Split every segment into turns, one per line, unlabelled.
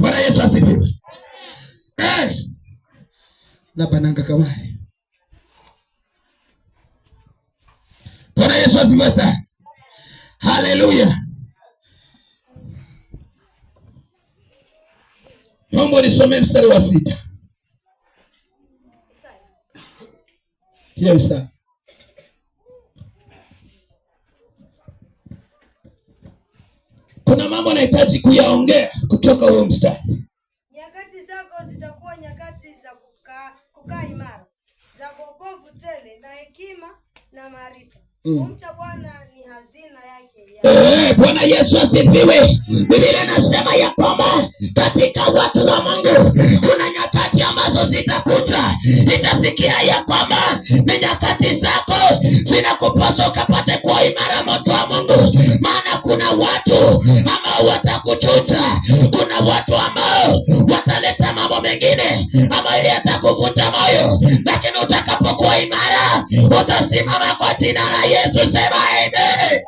Bwana Yesu asifiwe. Eh, na bananga kamari. Bwana Yesu asifiwe sana. Haleluya. Naomba nisomee mstari wa sita. Yes, sir. kuna mambo anahitaji kuyaongea kutoka huyo mstari.
Nyakati zako zitakuwa nyakati za kukaa kukaa imara za kuokovu tele na hekima na maarifa. Mm. Kumcha Bwana ni hazina yake.
Eh, Bwana Yesu asifiwe. Biblia inasema ya kwamba katika watu wa Mungu kuna nyakati ambazo zitakuja, itafikia ya kwamba ni nyakati zako zinakupasoka kuna watu ambao watakuchucha, kuna watu ambao wataleta mambo mengine ambayo yatakuvunja moyo, lakini utakapokuwa imara utasimama kwa jina la Yesu. Sema amen.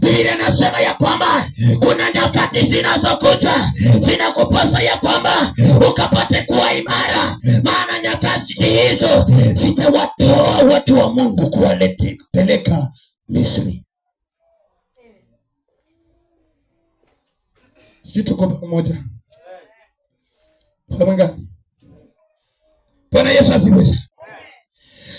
Biblia nasema ya kwamba kuna nyakati zinazokuja zinakuposa ya kwamba ukapate kuwa imara, maana nyakati hizo zitawatoa watu wa Mungu kuwapeleka Misri. Sijui tuko pamoja. Mwangani. Bwana Yesu asifiwe.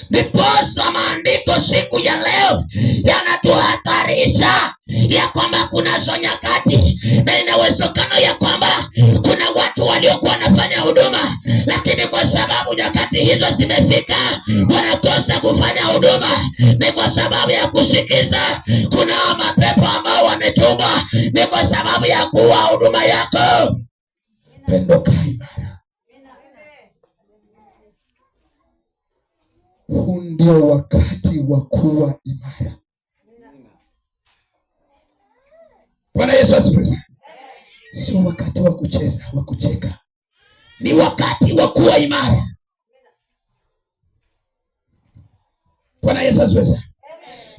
Ndiposa maandiko siku ya leo yanatuhatarisha ya kwamba kunazo nyakati na inawezekano ya kwamba kuna watu waliokuwa wanafanya huduma, lakini kwa sababu nyakati hizo zimefika, wanakosa kufanya huduma, ni kwa sababu ya kusikiza ni kwa sababu ya kuwa huduma yako pendo imara. Huu ndio wakati wa kuwa imara. Bwana Yesu asifiwe. Sio wakati wa kucheza, wa kucheka, ni wakati wa kuwa imara. Bwana Yesu asifiwe.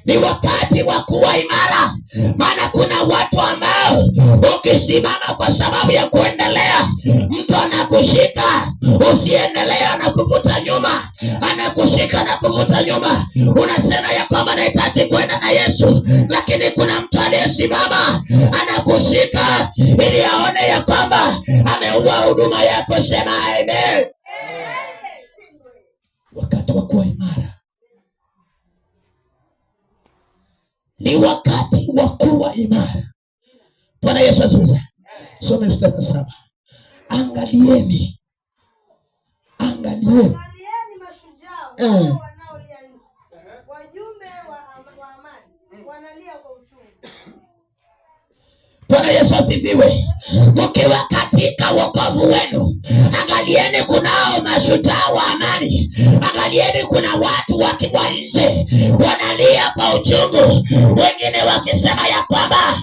Ni wakati wa kuwa imara, maana kuna watu Ukisimama kwa sababu ya kuendelea, mtu anakushika usiendelea, anakuvuta nyuma, anakushika na kuvuta nyuma. Unasema ya kwamba nahitaji kwenda na Yesu, lakini kuna mtu anayesimama anakushika ili aone ya kwamba ameua huduma yako. Sema amen. Wakati wa kuwa imara ni wakati wa kuwa imara. Bwana Yesu asifiwe. Some mstari wa saba. Angalieni, angalieni
mashujaa eh. wanaolia nje, wajumbe wa amani wanalia kwa uchungu.
Bwana Yesu asifiwe. Mkiwa katika wokovu wenu, angalieni kunao mashujaa wa amani, angalieni kuna watu wakiwa nje wanalia kwa uchungu, wengine wakisema ya kwamba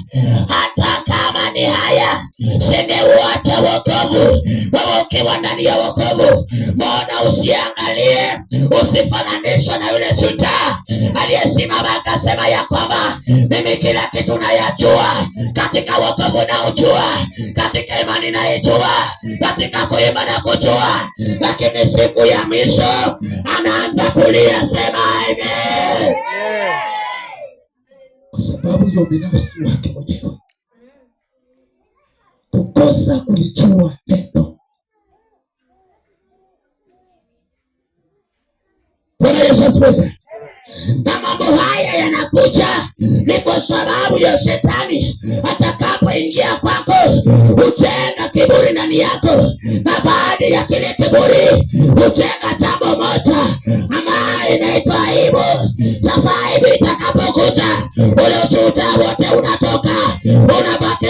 Simeuacha wokovu. Wewe ukiwa ndani ya wokovu, mbona usiangalie, usifananishwe na yule shujaa aliyesimama akasema ya kwamba mimi kila kitu nayajua, katika wokovu na katika imani naijua, katika kuimba na kujua, lakini siku ya mwisho anaanza kulia, sema amen, kwa sababu ya ubinafsi wake mwenyewe kukosa kulijua neno. Bwana Yesu asifiwe. Na mambo haya yanakuja ni kwa sababu ya shetani atakapoingia kwako, hujenga kiburi ndani yako, na baada ya kile kiburi hujenga jambo moja ambayo inaitwa aibu. Sasa aibu itakapokuja, ule ushuhuda wote una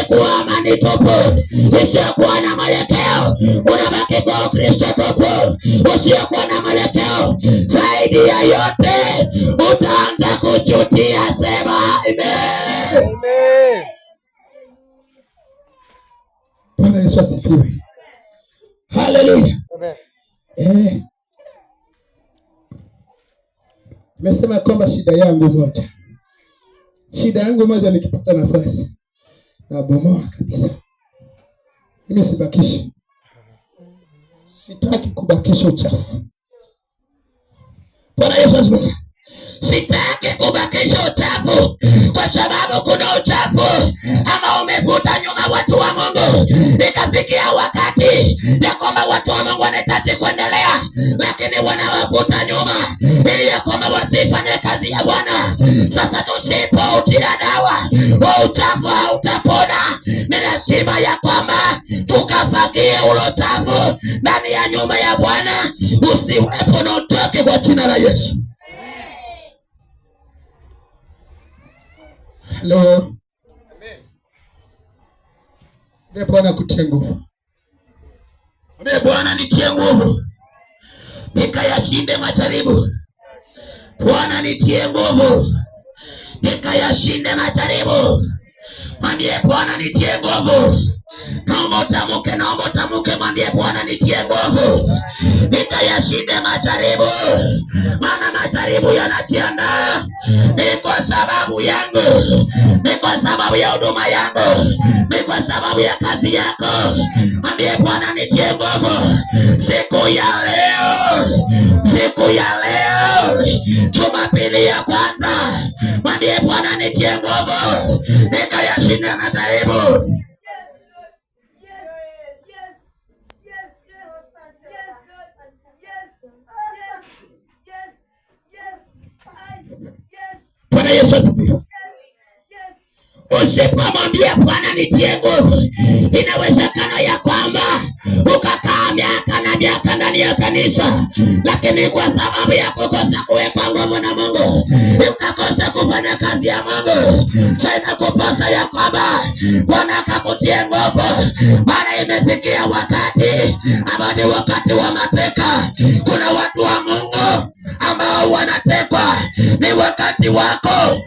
kuwa amani tupu isiyokuwa na mwelekeo, unabaki kwa Kristo tupu usiokuwa na mwelekeo. Zaidi ya yote utaanza kuchutia. Sema amen. Bwana Yesu asifiwe, haleluya. Eh, mesema kwamba shida yangu moja, shida yangu moja, nikipata nafasi nabomoa kabisa, ili sibakishi. Sitaki kubakisha uchafu. Bwana Yesu asifiwe. Sitaki kubakisha uchafu, kwa sababu kuna uchafu ama umevuta nyuma watu wa Mungu, ikafikia wakati ya kwamba watu wa Mungu wanahitaji kuendelea, lakini wanawavuta nyuma Baba wasifanye kazi ya Bwana. Sasa tusipotia dawa wa uchafu hautapona. Ni lazima ya kwamba tukafagie ulochafu ndani ya nyumba ya Bwana, usiwepo na utoke kwa jina la Yesu. Halo, e Bwana kutie nguvu, Bwana nitie nguvu, nikayashinde majaribu Bwana nitie nguvu nikayashinde majaribu. Mwambie Bwana nitie nguvu. Naomba utamuke, naomba utamuke, mwambie Bwana nitie nguvu nikayashinde majaribu, maana majaribu yanajiandaa. Ni kwa sababu yangu, ni kwa sababu ya huduma yangu, ni kwa sababu ya kazi yako. Mwambie Bwana nitie nguvu siku ya leo, siku ya leo Jumapili, Jumapili ya kwanza, mwambie Bwana nitie nguvu, nikayashinda madhaibu. Bwana Yesu asifiwe. Usipomwambia Bwana nitie nguvu, inaweza hata ndani ya kanisa, lakini kwa sababu ya kukosa kuwekwa nguvu na Mungu ukakosa kufanya kazi ya Mungu. So inakupasa ya kwamba Bwana akakutie nguvu, maana imefikia wakati ambao ni wakati wa mateka. Kuna watu wa Mungu ambao wanatekwa, ni wakati wako.